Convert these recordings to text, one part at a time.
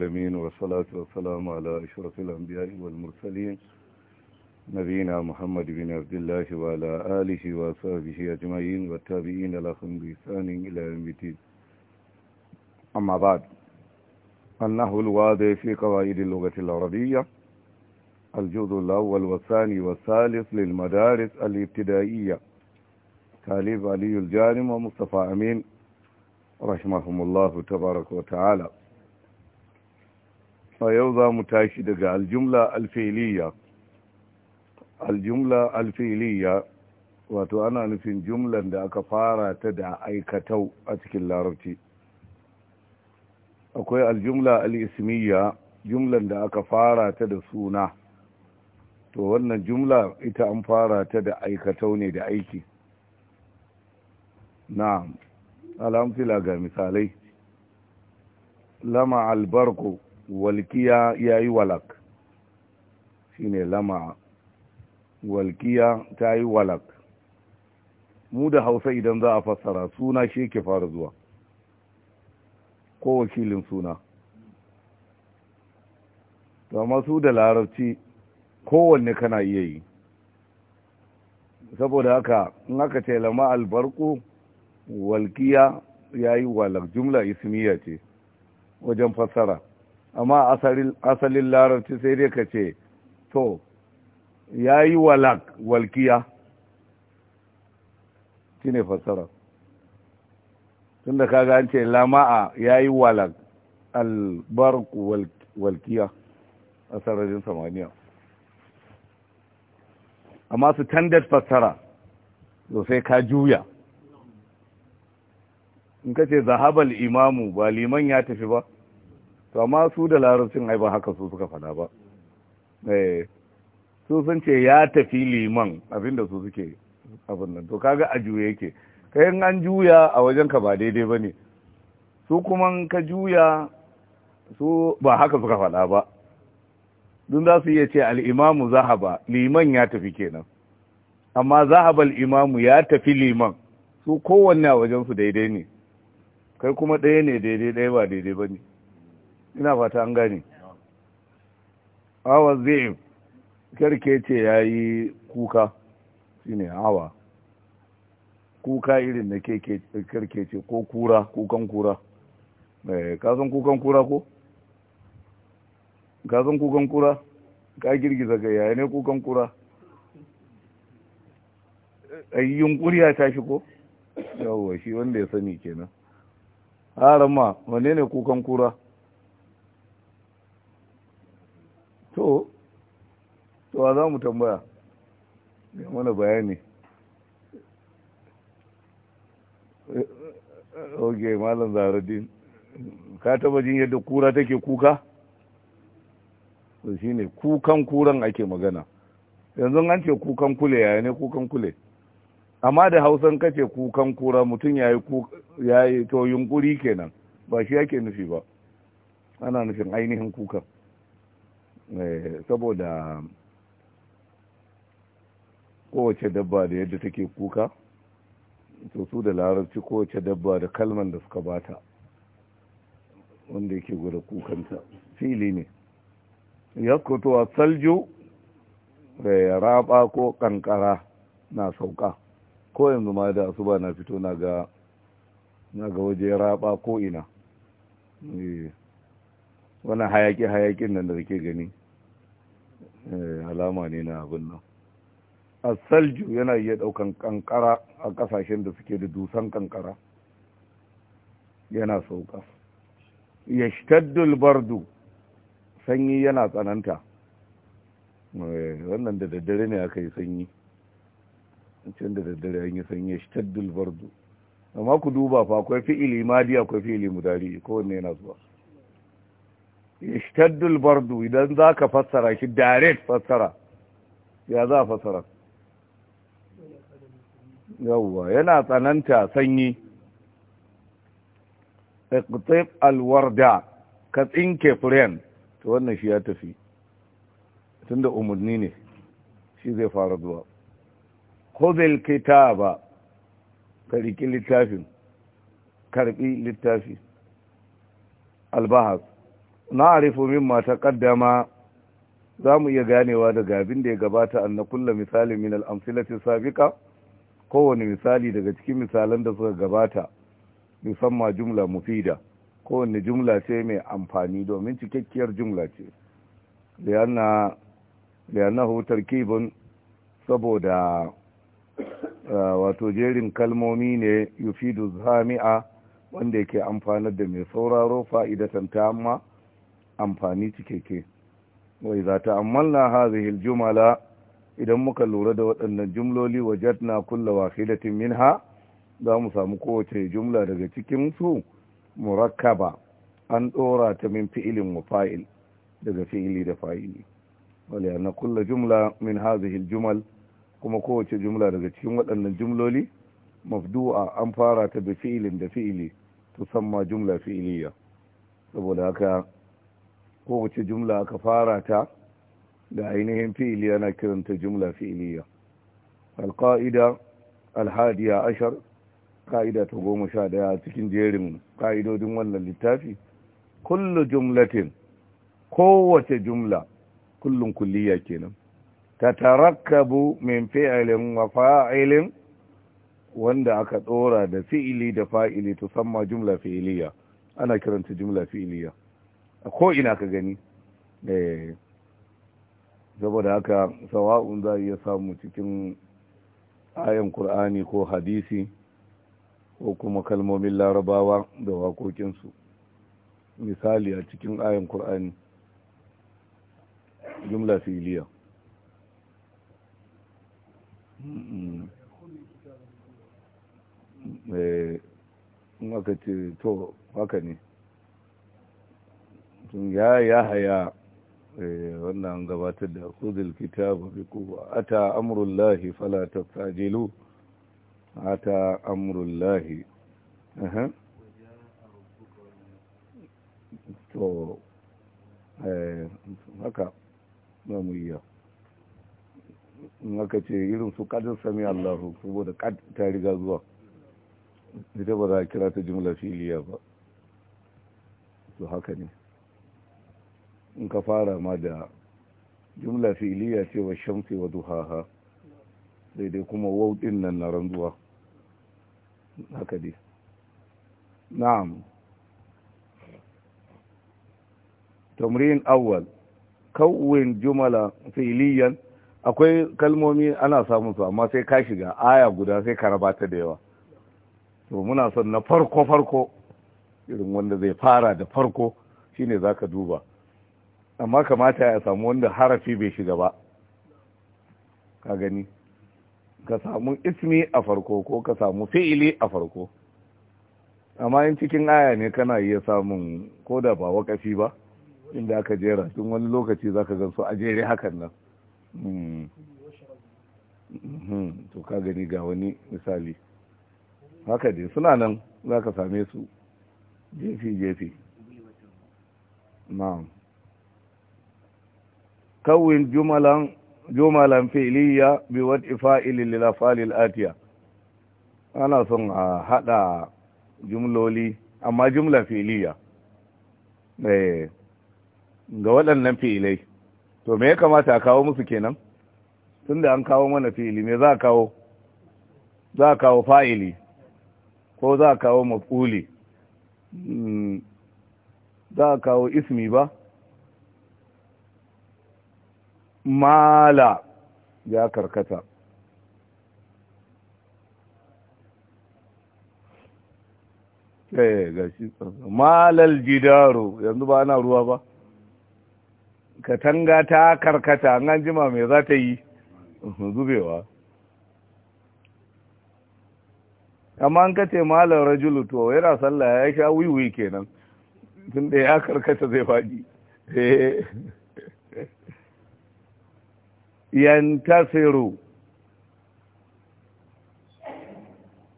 المسلمين والصلاة والسلام على أشرف الأنبياء والمرسلين نبينا محمد بن عبد الله وعلى آله وصحبه أجمعين والتابعين لهم بإحسان إلى يوم الدين أما بعد النحو الواضح في قواعد اللغة العربية الجزء الأول والثاني والثالث للمدارس الابتدائية تاليف علي الجارم ومصطفى أمين رحمهم الله تبارك وتعالى a yau za mu tashi daga aljumla alfiliya aljumla alfiliya wato ana nufin jumlan da aka fara ta da aikatau a cikin larabci akwai aljumla al'ismiya jumlan da aka fara ta da suna to wannan jumla ita an fara ta da aikatau ne da aiki na alamfila ga misalai lama albarko walkiya ya yi walak shi ne lama walkiya ta yi walak mu da hausa idan za a fassara suna shi ke fara zuwa ko wakilin suna ta masu da larabci kowanne kana iya yi saboda haka in aka ce lama albarku walkiya ya yi walak jumla ismiya ce wajen fassara amma asalin larabci sai dai ka ce to ya yi walak walkiya shi ne fassara tun da kaga an ce lama'a ya yi walak albarku walkiya a sararin samaniya amma su tandar fassara to sai ka juya in ka ce zahabal imamu ba liman ya tafi ba to amma su da larabcin ai ba haka su suka fada ba eh su sun ce ya tafi liman abinda su suke abin nan to kaga a juye yake kai in an juya a wajen ka ba daidai bane su kuma ka juya su ba haka suka fada ba dun za su iya ce al'imamu zahaba liman ya tafi kenan amma zahaba al-imamu ya tafi liman su kowanne a wajen su daidai ne kai kuma ɗaya ne daidai ɗaya ba daidai ba ne ina fata an gane awa zai karke ce ya yi kuka shi ne awa kuka irin da karke ce ko kura kukan kura eh, kasan kukan kura ko? kasan kukan kura ka girgiza ga yaya ne kukan kura eh, yunkuri ya tashi ko? yawo shi wanda ya sani kenan haramma wane ne kukan kura? ba za mu tambaya ya mana bayani ok malam zaharuddin ka taba jin yadda kura take kuka shi shine kukan kuran ake magana yanzu an ce kukan kule yaya ne kukan kule amma da hausan kace kukan kura mutum ya yi to yunkuri kenan ba shi yake nufi ba ana nufin ainihin kukan eh, saboda kowace dabba da yadda take kuka to su da larabci kowace dabba da kalman da suka bata wanda yake gwada kukanta fili ne ya a salju da eh, raba ko kankara na sauka ko yanzu ma da asuba na fito na ga waje raba ko ina eh, wani hayaki hayaƙin nan da kake gani eh, alama ne na abin nan a salju yana iya daukan kankara a kasashen da suke da dusan kankara yana sauka yashtaddul bardu sanyi yana tsananta eh, wannan da daddare ne aka yi sanyi can da daddare an yi sanyi yashtaddul bardu amma ku duba fa akwai fi'ili madi akwai fi'ili mudari kowanne yana zuwa yashtaddul bardu idan zaka fassara shi direct fassara ya za a fassara yawwa yana tsananta sanyi iqtib alwarda ka tsinke furen to wannan shi ya tafi tunda umarni ne shi zai fara zuwa khudhil kitaba kariki littafin karbi littafi na albahas na'rifu mimma taqaddama mu iya ganewa daga abin da ya gabata anna kullu misalin min al-amsilati sabiqa kowane misali daga cikin misalan da suka gabata musamman jumla mufida kowane jumla ce mai amfani domin cikakkiyar jumla ce hutar kibin saboda eh, wato jerin kalmomi ne yufidu zami'a wanda yake amfanar da mai sauraro fa'idatan ta amma amfani cikakke wai za ta ammalna hazihil jumala idan muka lura da waɗannan jumloli na kulla wahidatin minha za mu samu kowace jumla daga cikin su murakkaba an ɗora ta min fi'ilin wa fa'il daga fi'ili da fa'ili wale na kulla jumla min hazihil jumal kuma kowace jumla daga cikin waɗannan jumloli mafdu'a an fara ta da fi'ilin da fi'ili tusamma jumla fi'iliya saboda haka kowace jumla aka fara ta da ainihin fi'ili ana kiranta jumla fi'iliya alƙa'ida alhadiya ashar ƙa'ida ta goma sha ɗaya cikin jerin ƙa'idodin wannan littafi kullu jumlatin kowace jumla kullum kulliya kenan ta tarakkabu min fi'ilin wa fa'ilin wanda aka ɗora da fi'ili da fa'ili to samma jumla fi'iliya ana kiranta jumla fi'iliya a ko ina ka gani eh saboda haka sawa'un za a iya samu cikin ayan kur'ani ko hadisi ko kuma kalmomin larabawa da waƙoƙinsu misali a cikin ayan kur'ani jumla filiya eh, in ce to haka ne ya haya Eh, wannan gabatar da kudil kitaba bi quwwa ata amrullahi fala tastajilu ata amrullahi aha to eh haka ba mu iya in ce irin su kadin sami Allahu saboda kad ta riga zuwa ita ba za a kira ta jimla filiya ba to haka ne in ka fara ma da jumla filiya ce wa shamsi wa duhaha sai dai kuma wau nan na randuwa haka dai na'am tamrin awwal kawwin jumla filiyan akwai kalmomi ana samun su amma sai ka shiga aya guda sai ka rabata da yawa to muna son na farko farko irin wanda zai fara da farko shine zaka duba amma kamata ya samu wanda harafi bai shiga ba ka gani ka samu ismi a farko ko ka samu fi'ili a farko amma in cikin aya ne kana iya samun ko da ba wakafi ba inda aka jera tun wani lokaci za ka gan su a jere hakan nan hmm. Hmm. to ka gani ga wani misali haka dai suna nan za ka same su jefi-jefi na'am كون جملا جملا فعلية بوضع فائل للأفعال الآتية أنا صنع هذا جملولي أما جملة فعلية إيه ga waɗannan fi'ilai to me ya kamata a kawo musu kenan tun da an kawo mana fi'ili me za a kawo za a kawo fa'ili ko za a kawo maf'uli za a kawo ismi ba mala ya karkata eh, ga shi malal gidaro yanzu ba ana ruwa ba katanga ta karkata an jima mai za ta yi zubewa amma an kace malar rajulu to yana sallah ya sha wiwi kenan tun da ya karkata zai faɗi eh. ينتصر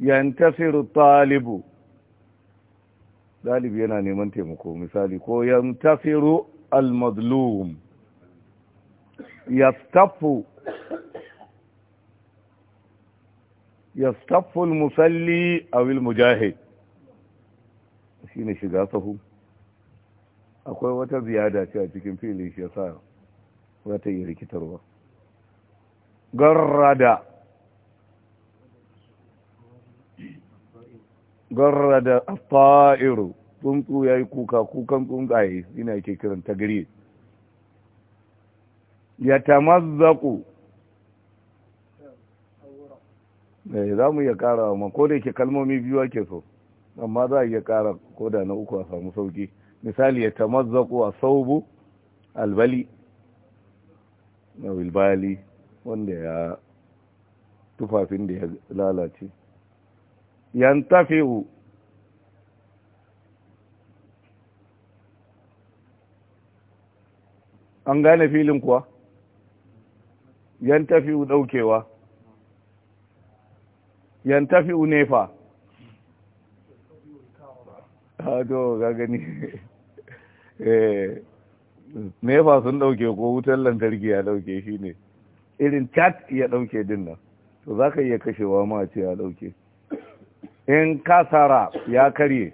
ينتصر الطالب ɗalibi yana neman taimako misali ko yantasiru al-mazlum yastaffu yastaffu al-musalli aw al-mujahid shine shiga sahu akwai wata ziyada ce a cikin filin shi yasa za ta yi rikitarwa garrada garrada ta'iru tsuntsu ya yi kuka kukan tsuntsaye ina yake kiran tagriye ya tamazzaku eh za mu iya kara ma ko da yake kalmomi biyu ake so amma za a iya kara ko da na uku a samu sauki misali ya tamazzaku a saubu albali na wilbali wanda ya tufafin da ya lalace yantafi'u an gane filin kuwa yantafi'u daukewa yantafi'u nefa hado ah, ga gani eh, nefa sun dauke ko wutar lantarki ya dauke shi ne irin cat ya ɗauke din nan to za ka iya kashewa ma ce ya ɗauke in kasara ya karye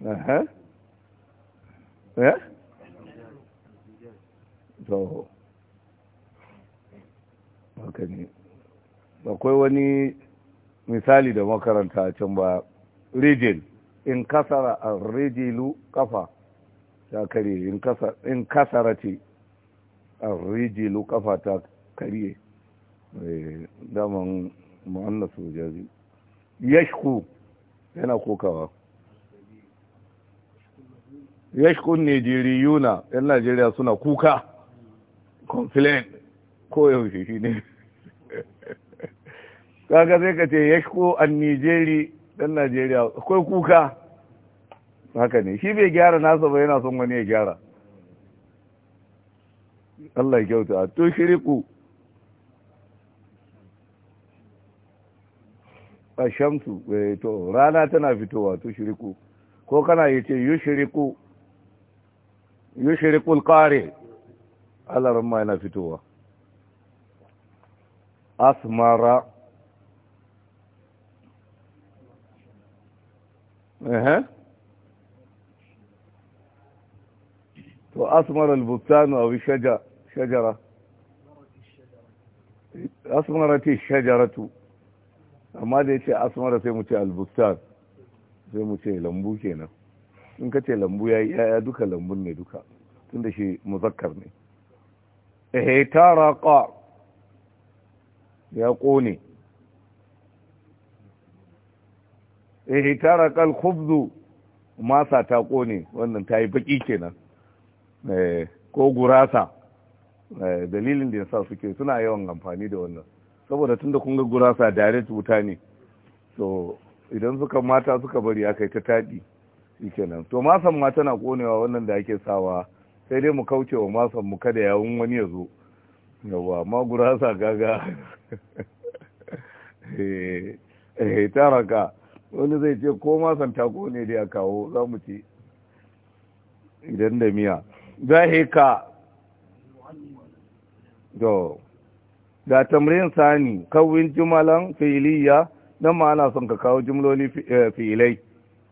eh? akwai wani misali da makaranta can ba rijil in kasara a rijilu kafa ya karye in kasara ce arrijilu kafa ta karye eh, daman mu'annas jazi yashku yana kokawa yashkun nijeriyuna yan najeriya suna kuka complain ko yaushe shi ne kaga sai ka ce yashko an nijeri dan najeriya akwai kuka haka ne shi bai gyara nasa ba yana son wani ya gyara Allah ya kyauta to shiriku a shamsu eh, to rana tana fitowa to shiriku ko kana yi ce yi shiriku yi shirikul kare alarin ma yana fitowa asmara to asmara albuktanu a shaja shajara asmarati shajaratu amma da yace ce asmara sai mu ce albustan sai mu ce lambu kenan in ka lambu ya yi yaya duka lambun ne duka tun da shi muzakkar ne ehe taraka ya kone ehe taraka alkhubzu masa ta kone wannan ta yi baki kenan ko gurasa Eh, dalilin da ya sa suke suna yawan amfani da wannan saboda tunda kun ga gurasa direct wuta ne so idan suka mata suka bari aka yi ta taɗi shikenan to masan ma tana konewa wannan da ake sawa sai dai mu kauce wa masan mu kada yawun wani ya zo yawa ma gurasa gaga eh, eh ta raka wani zai ce ko masan ta kone da ya kawo za mu ci idan da miya za ka to da tamrin sani kawin jumalan fi'iliya dan ma ana son ka kawo jumloli eh, fi'ilai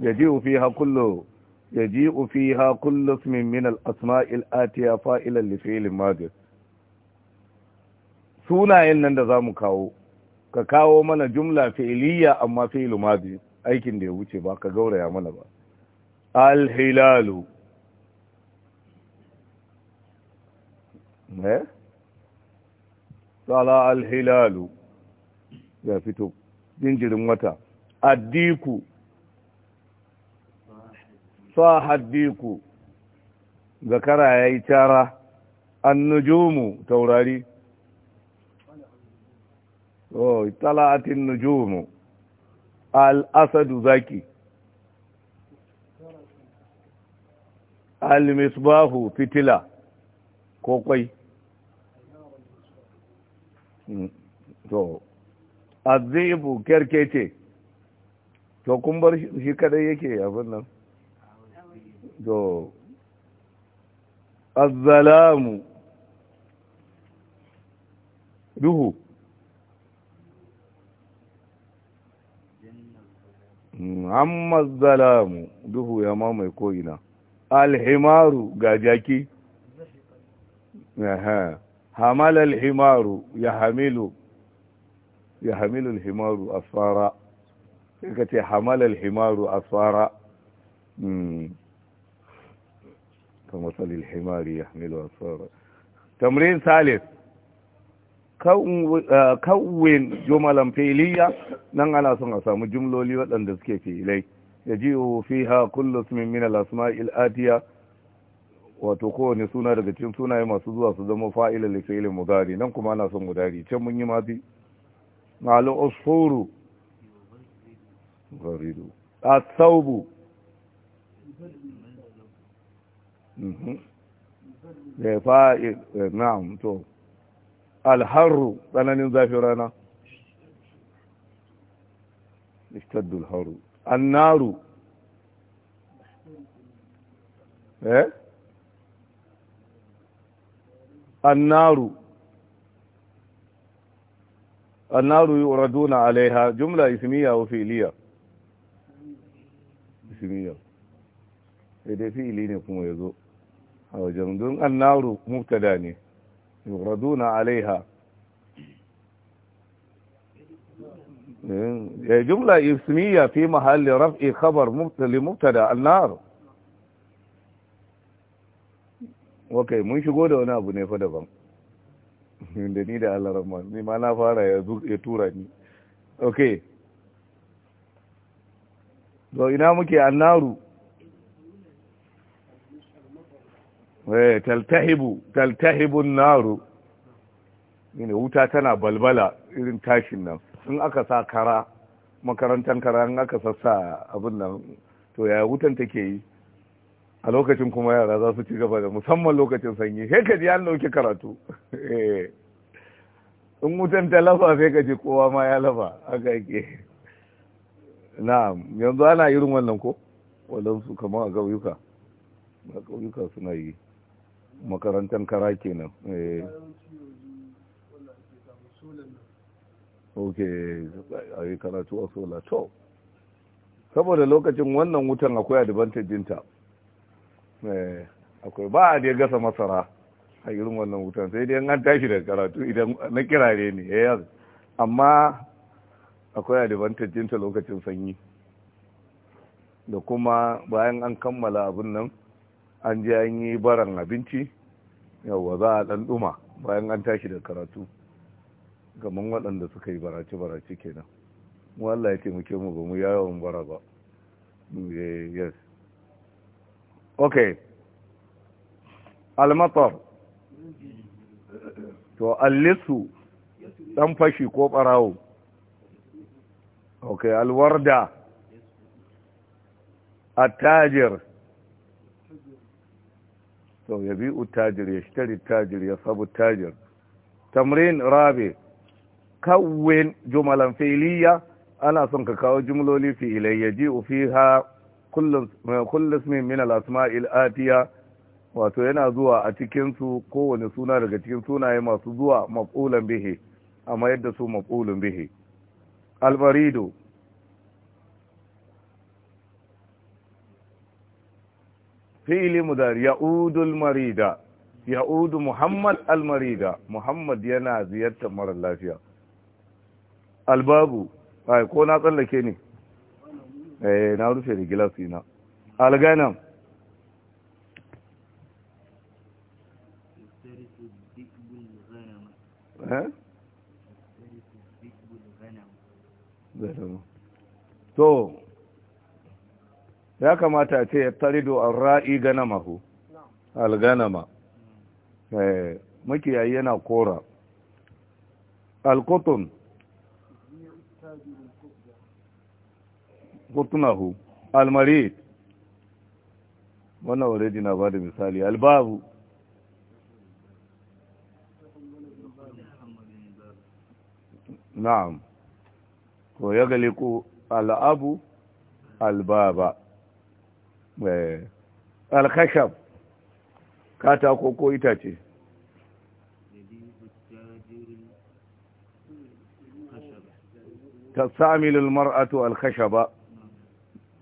yaji'u fiha kullu yaji'u fiha kullu ismin min al-asma'il atiya fa'ilan li fi'lin madi sunayen nan da zamu kawo ka kawo mana jumla fi'iliya amma fi'lu madi aikin da ya wuce ba ka gauraya mana ba al-hilalu eh tsala alhilalu ya fito jinjirin wata addiku sahaddiku zakara ya yi tara annujumu taurari oh tala'atin nujumu al-asadu zaki al-misbahu fitila ko kwai Mm. to azibu kerkece to kun bar shi kadai yake abin nan to azzalamu duhu Muhammad mm, zalamu duhu ya mamaye ko'ina alhimaru ga jaki حمل الحمار himaru ya hamilu ya hamilu حمل himaru asfara sai ce hamal himaru salil ya hamilu salis kawin jumalan filiya nan ana son a samu jumloli waɗanda suke filai ya ji fi kullu min asmail atiya wato kowane suna daga cikin sunaye masu zuwa su zama fa'ilal li fi'lin mudari nan kuma ana son mudari can mun yi mafi mal osforo gharidu a saubu da mhm. ya eh, fa'il eh, na'am to alharu tsananin zafi rana اشتد الحر النار النار النار يردون عليها جملة اسمية أو فعلية اسمية إذا فعلية نقوم يزو النار مبتداني يردون عليها إيه؟ جملة اسمية في محل رفع خبر لمبتدا النار ok mun shigo da wani abu ne fa daban da ni da Allah rahman ni ma na fara ya tura ni ok to ina muke annaru eh taltahibu taltahibu naru ne wuta tana balbala irin tashin nan in aka sa kara makarantar kara in aka sassa abin nan to yaya wutan take yi a lokacin kuma yara za su ci gaba da musamman lokacin sanyi sai ka ji ya nauki karatu eh. in wutan ta lafa sai ka ji kowa ma ya lafa a yake Na yanzu ana irin wannan ko waɗansu kamar a ƙauyuka a ƙauyuka suna yi makarantar kara kenan eh. ok a yi karatu a sola to saboda lokacin wannan wutan akwai advantajinta Eh, akwai ba a da gasa masara a irin wannan wutan sai dai an tashi da karatu idan na kirare ne eh, ya yi amma akwai advantage ta lokacin sanyi da kuma bayan an kammala abin nan an je an yi baran abinci yawwa za a ɗan ɗuma bayan an tashi da karatu gaman waɗanda suka yi barace-barace kenan wallah ya taimake mu ba mu yawon bara ba eh, yes okay almatar to allisu dan fashi ko barawo okay alwarda attajir to yabi'u tajir yashtari tajir ya sabu tajir tamrin rabi kawin jumalan fi'liya ana son ka kawo jumloli fi'ilai yaji'u fiha kullum ismin min al-asma'il atiya wato yana zuwa a cikin su kowane suna daga cikin sunaye masu zuwa maf'ulan bihi amma yadda su maf'ulun bihi al-baridu fi'li mudar al marida ya'udu muhammad al-marida muhammad yana ziyartar mara lafiya albabu ai ko na tsallake ne eh na rufe da gilasi na. alganam eh? to ya kamata a ce ya tarido an ra'i ganama ku alganama eh, makiyayi yana kora alkotun qutnahu al-marid wannan already na bada misali albabu na'am ko ya galiku al'abu albaba al-khashab katako ko itace تستعمل المرأة الخشبة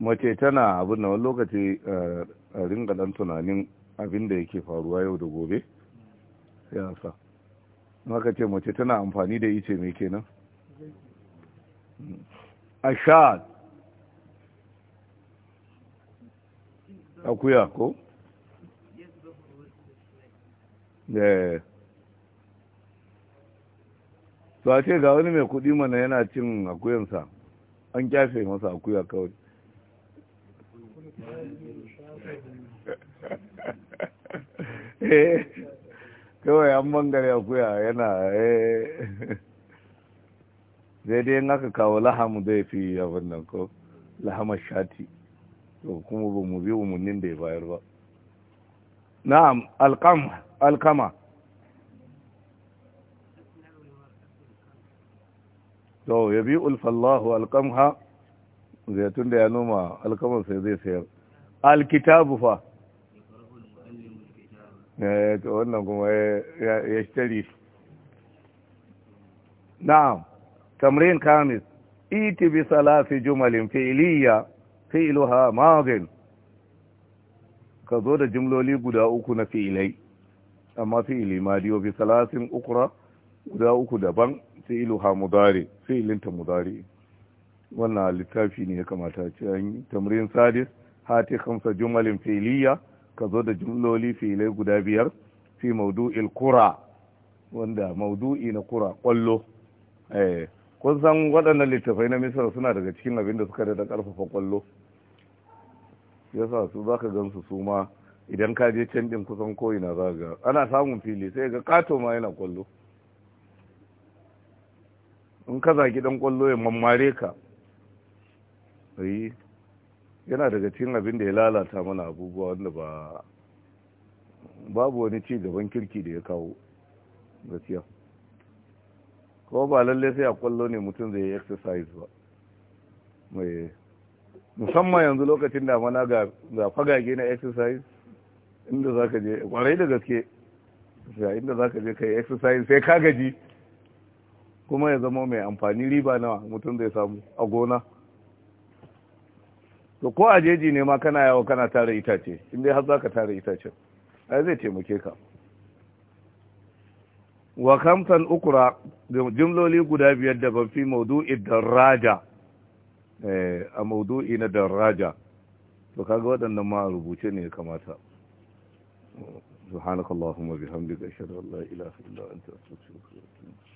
mace tana abin da wani lokaci eh, a ringa dan tunanin abin da yake faruwa yau da gobe siyasa maka ce mace tana amfani da ice mai kenan A sha akuya ko eh. to a ce ga wani mai kudi mana yana cin akuyansa an kyafe masa akuya kawai Eh, kawai an bangare akuya yana zai eh. dai yin aka kawo lahamu zai fi abin nan ko lahamar shati ko kuma ba mu bi umarnin da ya bayar ba na'am alkama to ya bi ulfallahu alkamha zaitun da ya noma alkaman sai zai sayar alkitabu fa eh, wannan kuma ya shitari na'am tamrin kamis iti bi salafi jumalin fi'iliya fi'iluha madin ka zo da jimloli guda uku na fi'ilai amma fi'ili diyo bi salasin ukura guda uku daban fi'iluha mudari fi'ilinta mudari wannan littafi ne ya kamata ce an yi tamrin sadis hati kamsa jumalin filiya ka zo da jumloli filai guda biyar fi maudu'il kura wanda maudu'i na kura kwallo eh, kun san waɗannan littafai na misira suna daga cikin abin da suka da ƙarfafa kwallo ya sa su za ka gansu su ma idan ka je can ɗin kusan ko'ina za ga ana samun fili sai ga kato ma yana kwallo in ka zagi ɗan kwallo ya mammare ka yi eh, yana daga cikin abin da ya lalata mana abubuwa wanda ba babu wani ci gaban kirki da ya kawo gaskiya ko ba lalle sai a kwallo ne mutum zai yi exercise ba mai eh, musamman yanzu lokacin da mana ga fagage na exercise inda za ka je kwarai da gaske inda za ka je ka yi exercise sai ka gaji kuma ya zama mai amfani riba nawa mutum zai samu a gona to ko a jeji ne ma kana yawo kana tara itace inda har za ka tara itacen ai zai taimake ka wa kamtan ukura jimloli guda biyar da ban fi maudu'i daraja eh, a maudu'i na daraja to kaga waɗannan ma rubuce ne ya kamata subhanakallahumma bihamdika ashhadu an la ilaha illa anta astaghfiruka wa atubu